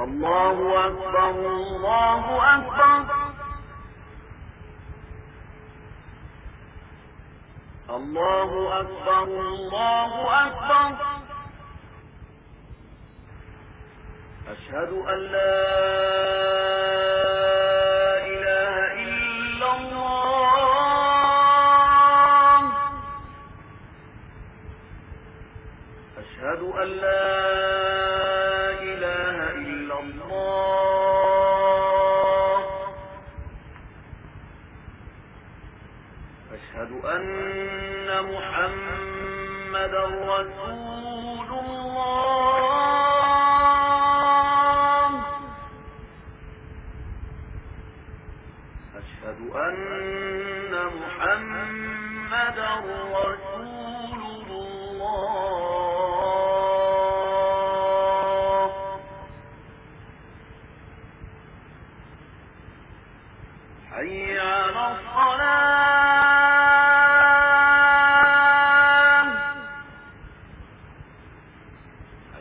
الله أكبر الله أكبر الله أكبر الله أكبر أشهد أن لا إله إلا الله أشهد أن لا أشهد أن محمد رسول الله أشهد أن محمد رسول الله حي على الصلاة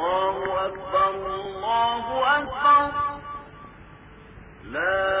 الله أكبر الله أكبر لا